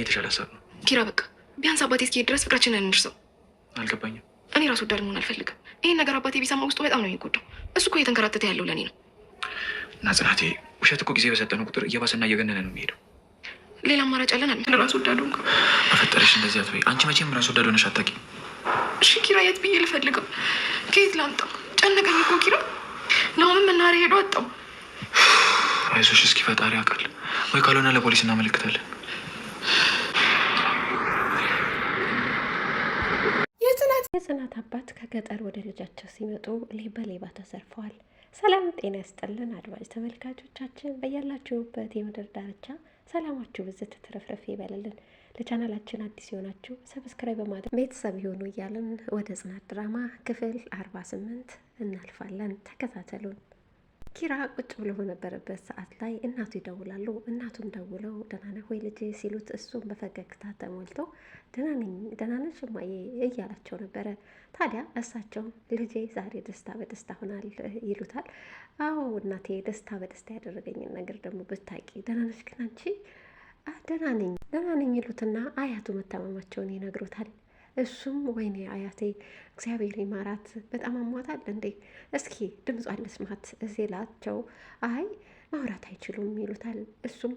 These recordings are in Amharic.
የተሻለ ሀሳብ ነው ኪራ። በቃ ቢያንስ አባቴ እስኪሄድ ድረስ ፍቅራችንን እንርሰው። አልገባኝም። እኔ ራሱ ወዳድ መሆን አልፈልግም። ይህን ነገር አባቴ ቢሰማ ውስጡ በጣም ነው የሚጎዳው። እሱ እኮ እየተንከራተተ ያለው ለእኔ ነው። እና ጽናቴ፣ ውሸት እኮ ጊዜ በሰጠነው ቁጥር እየባሰና እየገነነ ነው የሚሄደው። ሌላ አማራጭ አለን አለ ራስ ወዳዱ። በፈጠረሽ እንደዚህ አትበይ። አንቺ መቼም ራሱ ወዳድ ሆነሽ አታውቂም። እሺ ኪራ፣ የት ብዬ ልፈልገው? ከየት ላምጣው? ጨነቀኝ እኮ ኪራ። ናሁምን መናኸሪያ ሄዶ አጣው። አይዞሽ፣ እስኪ ፈጣሪ ያውቃል። ወይ ካልሆነ ለፖሊስ እናመለክታለን። የጽናት አባት ከገጠር ወደ ልጃቸው ሲመጡ በሌባ ተዘርፈዋል። ሰላም ጤና ያስጠልን አድማጭ ተመልካቾቻችን በያላችሁበት የምድር ዳርቻ ሰላማችሁ ብዝት ትረፍረፍ ይበልልን። ለቻናላችን አዲስ የሆናችሁ ሰብስክራይብ በማድረግ ቤተሰብ ይሆኑ እያልን ወደ ጽናት ድራማ ክፍል አርባ ስምንት እናልፋለን። ተከታተሉን። ኪራ ቁጭ ብሎ በነበረበት ሰዓት ላይ እናቱ ይደውላሉ። እናቱም ደውለው ደህና ነህ ወይ ልጄ ሲሉት እሱም በፈገግታ ተሞልቶ ደህና ነሽ እማዬ እያላቸው ነበረ። ታዲያ እሳቸውም ልጄ ዛሬ ደስታ በደስታ ሆናል ይሉታል። አዎ እናቴ፣ ደስታ በደስታ ያደረገኝን ነገር ደግሞ ብታቂ ደህና ነሽ ግን አንቺ? ደህና ነኝ ደህና ነኝ ይሉትና አያቱ መታመማቸውን ይነግሩታል። እሱም ወይኔ አያቴ እግዚአብሔር ይማራት በጣም አሟታል እንዴ እስኪ ድምጿን ልስማት ሲላቸው አይ ማውራት አይችሉም ይሉታል። እሱም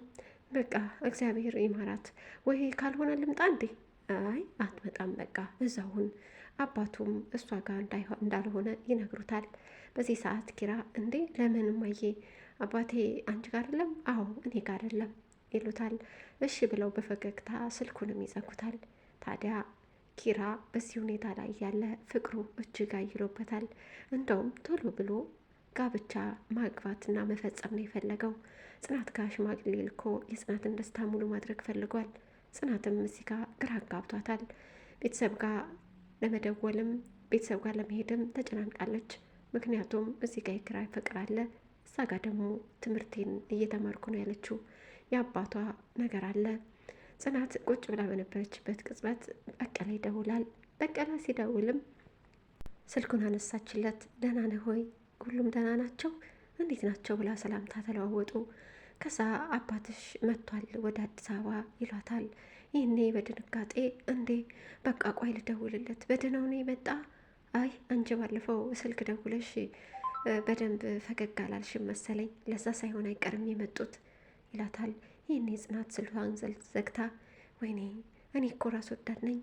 በቃ እግዚአብሔር ይማራት ወይ ካልሆነ ልምጣ እንዴ አይ አትመጣም፣ በቃ እዛሁን አባቱም እሷ ጋር እንዳልሆነ ይነግሩታል። በዚህ ሰዓት ኪራ እንዴ ለምን ማዬ አባቴ አንቺ ጋር አይደለም? አዎ እኔ ጋር አይደለም ይሉታል። እሺ ብለው በፈገግታ ስልኩንም ይዘጉታል። ታዲያ ኪራ በዚህ ሁኔታ ላይ ያለ ፍቅሩ እጅግ አይሎበታል። እንደውም ቶሎ ብሎ ጋብቻ ማግባትና መፈጸም ነው የፈለገው። ጽናት ጋር ሽማግሌ ልኮ የጽናትን ደስታ ሙሉ ማድረግ ፈልጓል። ጽናትም እዚህ ጋር ግራ አጋብቷታል። ቤተሰብ ጋር ለመደወልም ቤተሰብ ጋር ለመሄድም ተጨናንቃለች። ምክንያቱም እዚህ ጋር የኪራ ፍቅር አለ፣ እዛ ጋር ደግሞ ትምህርቴን እየተማርኩ ነው ያለችው የአባቷ ነገር አለ። ጽናት ቁጭ ብላ በነበረችበት ቅጽበት በቀለ ይደውላል። በቀለ ሲደውልም ስልኩን አነሳችለት። ደህና ነህ ሆይ? ሁሉም ደህና ናቸው፣ እንዴት ናቸው ብላ ሰላምታ ተለዋወጡ። ከዛ አባትሽ መጥቷል ወደ አዲስ አበባ ይሏታል። ይህኔ በድንጋጤ እንዴ በቃ ቋይ ልደውልለት፣ በደህናው ነው የመጣ? አይ አንቺ ባለፈው ስልክ ደውለሽ በደንብ ፈገግ አላልሽም መሰለኝ፣ ለዛ ሳይሆን አይቀርም የመጡት ይላታል። ይህኔ ጽናት ስልኳን ዘግታ ወይኔ እኔ እኮ ራስ ወዳድ ነኝ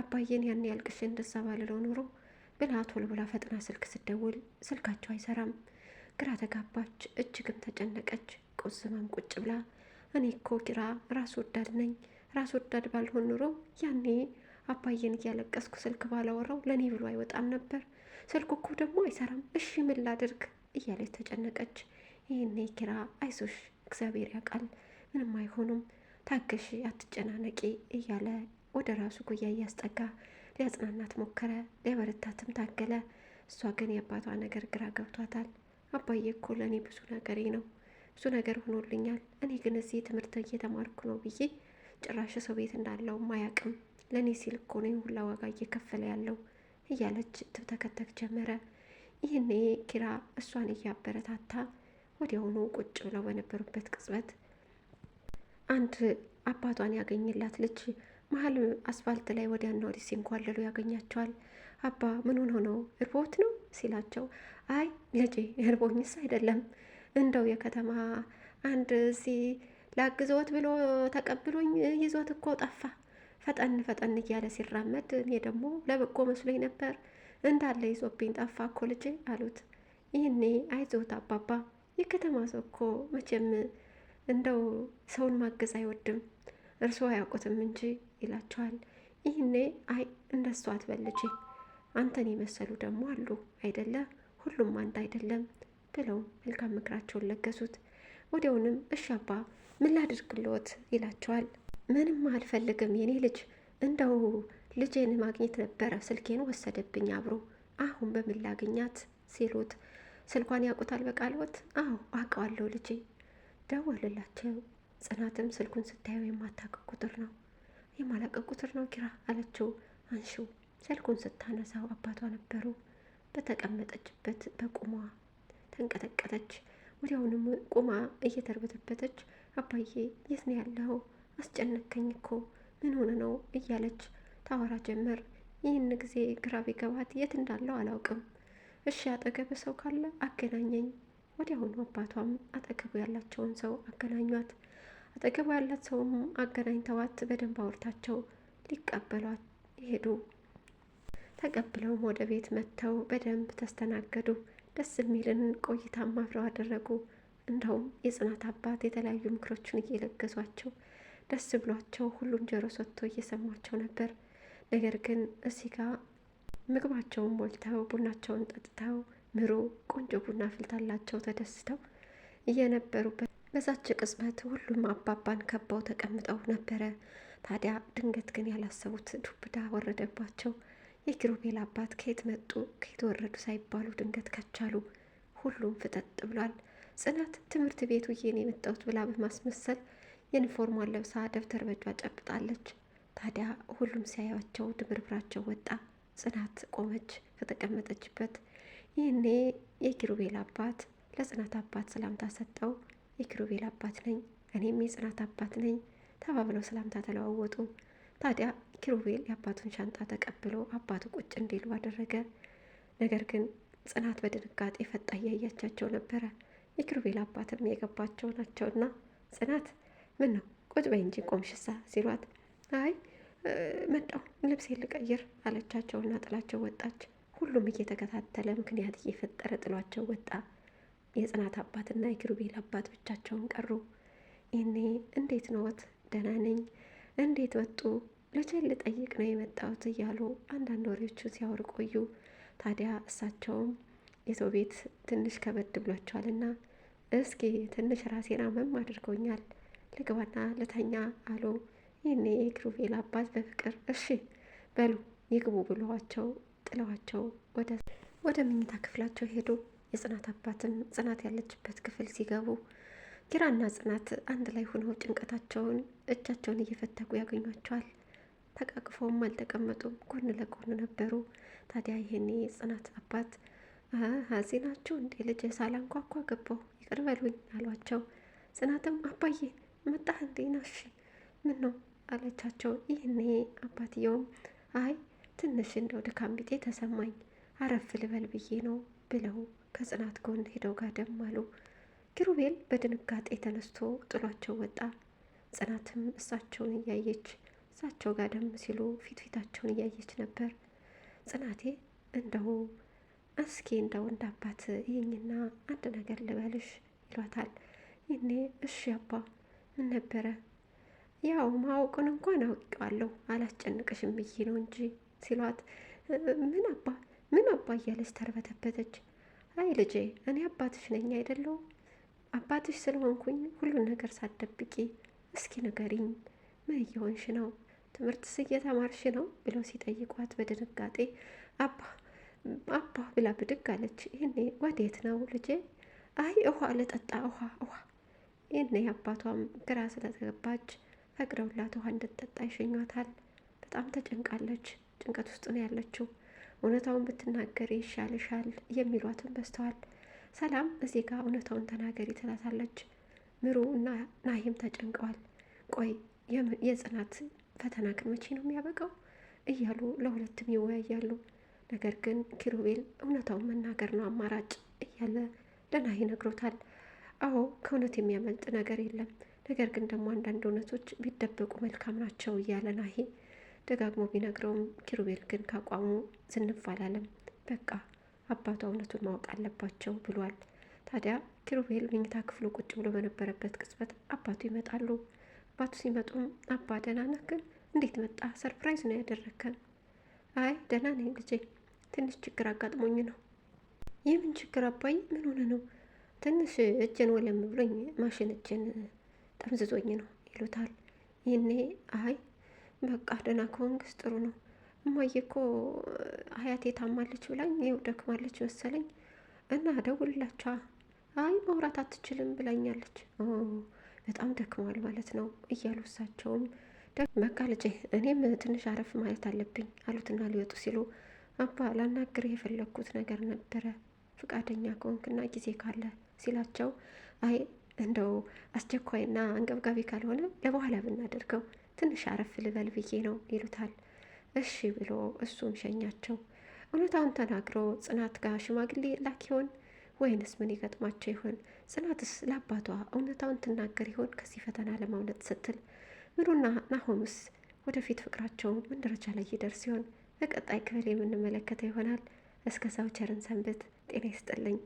አባዬን ያን ያልቅሽ እንደዛ ባልለው ኖሮ ብላ ቶሎ ብላ ፈጥና ስልክ ስደውል ስልካቸው አይሰራም። ግራ ተጋባች፣ እጅግም ተጨነቀች። ቆዝማም ቁጭ ብላ እኔ እኮ ኪራ ራስ ወዳድ ነኝ። ራስ ወዳድ ባልሆን ኑሮ ያኔ አባዬን እያለቀስኩ ስልክ ባላወራው ለእኔ ብሎ አይወጣም ነበር። ስልኩ እኮ ደግሞ አይሰራም። እሺ ምን ላድርግ እያለች ተጨነቀች። ይህኔ ኪራ አይሶሽ እግዚአብሔር ያውቃል ምንም አይሆኑም፣ ታገሺ፣ አትጨናነቂ እያለ ወደ ራሱ ጉያ እያስጠጋ ሊያጽናናት ሞከረ። ሊያበረታትም ታገለ። እሷ ግን የአባቷ ነገር ግራ ገብቷታል። አባዬ እኮ ለእኔ ብዙ ነገሬ ነው፣ ብዙ ነገር ሆኖልኛል። እኔ ግን እዚህ ትምህርት እየተማርኩ ነው ብዬ ጭራሽ ሰው ቤት እንዳለውም አያውቅም። ለእኔ ሲል እኮ ነው ሁላ ዋጋ እየከፈለ ያለው እያለች ትብተከተክ ጀመረ። ይህኔ ኪራ እሷን እያበረታታ ወዲያውኑ ቁጭ ብለው በነበሩበት ቅጽበት አንድ አባቷን ያገኝላት ልጅ መሀል አስፋልት ላይ ወዲያና ወዲህ ሲንኳለሉ ያገኛቸዋል። አባ ምን ሆኖ ነው እርቦት ነው ሲላቸው፣ አይ ልጄ እርቦኝስ አይደለም እንደው የከተማ አንድ እዚህ ላግዘዎት ብሎ ተቀብሎኝ ይዞት እኮ ጠፋ። ፈጠን ፈጠን እያለ ሲራመድ እኔ ደግሞ ለበጎ መስሎኝ ነበር እንዳለ ይዞብኝ ጠፋ እኮ ልጄ አሉት። ይህኔ አይዞት አባባ የከተማ ሰው እኮ መቼም እንደው ሰውን ማገዝ አይወድም እርስዎ አያውቁትም እንጂ ይላቸዋል። ይህኔ አይ እንደሱ አትበልጪ፣ አንተን የመሰሉ ደግሞ አሉ አይደለ፣ ሁሉም አንድ አይደለም ብለው መልካም ምክራቸውን ለገሱት። ወዲያውንም እሺ አባ ምን ላድርግልዎት ይላቸዋል። ምንም አልፈልግም የኔ ልጅ፣ እንደው ልጄን ማግኘት ነበረ፣ ስልኬን ወሰደብኝ አብሮ፣ አሁን በምን ላግኛት ሲሉት ስልኳን ያውቁታል በቃልዎት? አዎ አውቀዋለሁ ልጄ ደወልላቸው። ጽናትም ስልኩን ስታየው የማታውቅ ቁጥር ነው የማላውቅ ቁጥር ነው ኪራ አለችው። አንሺው። ስልኩን ስታነሳው አባቷ ነበሩ። በተቀመጠችበት በቁሟ ተንቀጠቀጠች። ወዲያውንም ቁማ እየተርበተበተች አባዬ የት ነው ያለው? አስጨነከኝ እኮ ምን ሆነ ነው እያለች ታወራ ጀመር። ይህን ጊዜ ግራ ቢገባት የት እንዳለው አላውቅም። እሺ አጠገብ ሰው ካለ አገናኘኝ ወዲያውኑ አባቷም አጠገቡ ያላቸውን ሰው አገናኟት። አጠገቡ ያላት ሰውም አገናኝተዋት በደንብ አውርታቸው ሊቀበሏት ሄዱ። ተቀብለውም ወደ ቤት መጥተው በደንብ ተስተናገዱ። ደስ የሚልን ቆይታም አብረው አደረጉ። እንደውም የጽናት አባት የተለያዩ ምክሮችን እየለገሷቸው ደስ ብሏቸው ሁሉም ጆሮ ሰጥቶ እየሰማቸው ነበር። ነገር ግን እዚህ ጋር ምግባቸውን ሞልተው ቡናቸውን ጠጥተው ምሩ ቆንጆ ቡና ፍልታላቸው ተደስተው እየነበሩበት በዛች ቅጽበት ሁሉም አባባን ከበው ተቀምጠው ነበረ። ታዲያ ድንገት ግን ያላሰቡት ዱብዳ ወረደባቸው። የኪሩቤል አባት ከየት መጡ ከየት ወረዱ ሳይባሉ ድንገት ከቻሉ ሁሉም ፍጠጥ ብሏል። ጽናት ትምህርት ቤቱ እየን የመጣሁት ብላ በማስመሰል ዩኒፎርሟን ለብሳ ደብተር በጇ ጨብጣለች። ታዲያ ሁሉም ሲያያቸው ድብርብራቸው ወጣ። ጽናት ቆመች ከተቀመጠችበት ይህኔ የኪሩቤል አባት ለጽናት አባት ሰላምታ ሰጠው። የኪሩቤል አባት ነኝ እኔም የጽናት አባት ነኝ ተባብለው ሰላምታ ተለዋወጡ። ታዲያ ኪሩቤል የአባቱን ሻንጣ ተቀብሎ አባቱ ቁጭ እንዲሉ አደረገ። ነገር ግን ጽናት በድንጋጤ ፈጣ እያያቻቸው ነበረ። የኪሩቤል አባትም የገባቸው ናቸውና ጽናት ምን ነው ቁጭ በይ እንጂ ቆምሽሳ ሲሏት አይ መጣሁ ልብሴ ልቀይር አለቻቸውና ጥላቸው ወጣች። ሁሉም እየተከታተለ ምክንያት እየፈጠረ ጥሏቸው ወጣ። የጽናት አባትና የኪሩቤል አባት ብቻቸውን ቀሩ። ይኔ እንዴት ነዎት? ደህና ነኝ። እንዴት ወጡ? ልጄን ልጠይቅ ነው የመጣሁት እያሉ አንዳንድ ወሬዎቹን ሲያወሩ ቆዩ። ታዲያ እሳቸውም የሰው ቤት ትንሽ ከበድ ብሏቸዋልና እስኪ ትንሽ ራሴን አመም አድርጎኛል ልግባና ልተኛ አሉ። ይኔ የኪሩቤል አባት በፍቅር እሺ በሉ ይግቡ ብለዋቸው ጥለዋቸው ወደ መኝታ ክፍላቸው ሄዱ። የጽናት አባትም ጽናት ያለችበት ክፍል ሲገቡ ኪራና ጽናት አንድ ላይ ሆነው ጭንቀታቸውን እጃቸውን እየፈተጉ ያገኟቸዋል። ተቃቅፈውም አልተቀመጡም፣ ጎን ለጎን ነበሩ። ታዲያ ይሄኔ ጽናት አባት እዚህ ናችሁ እንዴ? ልጄ ሳላንኳኳ ገባሁ ይቅር በሉኝ አሏቸው። ጽናትም አባዬ መጣህ እንዴ ናሽ ምን ነው አለቻቸው። ይህኔ አባትየውም አይ ትንሽ እንደው ድካም ቢጤ ተሰማኝ አረፍ ልበል ብዬ ነው ብለው ከጽናት ጎን ሄደው ጋደም አሉ። ኪሩቤል በድንጋጤ ተነስቶ ጥሏቸው ወጣ። ጽናትም እሳቸውን እያየች እሳቸው ጋደም ሲሉ ፊት ፊታቸውን እያየች ነበር። ጽናቴ እንደው እስኪ እንደው እንዳባት ይህኝና አንድ ነገር ልበልሽ ይሏታል። ይኔ እሺ አባ ምን ነበረ? ያው ማወቁን እንኳን አውቀዋለሁ አላስጨንቅሽም ብዬ ነው እንጂ ሲሏት ምን አባ ምን አባ እያለች ተርበተበተች። አይ ልጄ እኔ አባትሽ ነኝ አይደለው? አባትሽ ስለሆንኩኝ ሁሉን ነገር ሳትደብቂ እስኪ ንገሪኝ፣ ምን እየሆንሽ ነው? ትምህርትስ እየተማርሽ ነው? ብለው ሲጠይቋት በድንጋጤ አባ አባ ብላ ብድግ አለች። ይህኔ ወዴት ነው ልጄ? አይ ውሃ ለጠጣ ውሃ ውሃ። ይህኔ አባቷም ግራ ስለተገባች ፈቅደውላት ውሃ እንድትጠጣ ይሸኟታል። በጣም ተጨንቃለች። ጭንቀት ውስጥ ነው ያለችው። እውነታውን ብትናገር ይሻልሻል የሚሏትን በስተዋል። ሰላም እዚህ ጋር እውነታውን ተናገሪ ትላታለች። ምሩ እና ናሂም ተጨንቀዋል። ቆይ የጽናት ፈተና ግን መቼ ነው የሚያበቃው? እያሉ ለሁለትም ይወያያሉ። ነገር ግን ኪሩቤል እውነታውን መናገር ነው አማራጭ እያለ ለናሂ ነግሮታል። አዎ ከእውነት የሚያመልጥ ነገር የለም፣ ነገር ግን ደግሞ አንዳንድ እውነቶች ቢደበቁ መልካም ናቸው እያለ ናሂ ደጋግሞ ቢነግረውም ኪሩቤል ግን ካቋሙ ዝንፍ አላለም። በቃ አባቷ እውነቱን ማወቅ አለባቸው ብሏል። ታዲያ ኪሩቤል መኝታ ክፍሉ ቁጭ ብሎ በነበረበት ቅጽበት አባቱ ይመጣሉ። አባቱ ሲመጡም አባ ደህና ነህ? ግን እንዴት መጣ? ሰርፕራይዝ ነው ያደረከን? አይ ደህና ነኝ ልጄ፣ ትንሽ ችግር አጋጥሞኝ ነው። ይህ ምን ችግር አባይ ምን ሆነ ነው? ትንሽ እጅን ወለም ብሎኝ ማሽን እጅን ጠምዝዞኝ ነው ይሉታል። ይህኔ አይ በቃ ደህና ከሆንክስ ጥሩ ነው። እማዬ እኮ ሀያቴ ታማለች ብላኝ ይኸው ደክማለች መሰለኝ እና ደውልላቸዋ። አይ መውራት አትችልም ብላኛለች። በጣም ደክመዋል ማለት ነው እያሉ እሳቸውም በቃ ልጄ እኔም ትንሽ አረፍ ማለት አለብኝ አሉትና ሊወጡ ሲሉ አባ ላናግር የፈለግኩት ነገር ነበረ ፍቃደኛ ከሆንክና ጊዜ ካለ ሲላቸው አይ እንደው አስቸኳይና አንገብጋቢ ካልሆነ ለበኋላ ብናደርገው ትንሽ አረፍ ልበል ብዬ ነው ይሉታል። እሺ ብሎ እሱም ሸኛቸው። እውነታውን ተናግሮ ጽናት ጋር ሽማግሌ ላክ ይሆን ወይንስ ምን ይገጥማቸው ይሆን? ጽናትስ ለአባቷ እውነታውን ትናገር ይሆን? ከዚህ ፈተና ለማውለጥ ስትል ምሉና ናሆምስ ወደፊት ፍቅራቸው ምን ደረጃ ላይ ይደርስ ይሆን? በቀጣይ ክፍል የምንመለከተው ይሆናል። ሰው ቸርን ሰንብት። ጤና ይስጥልኝ።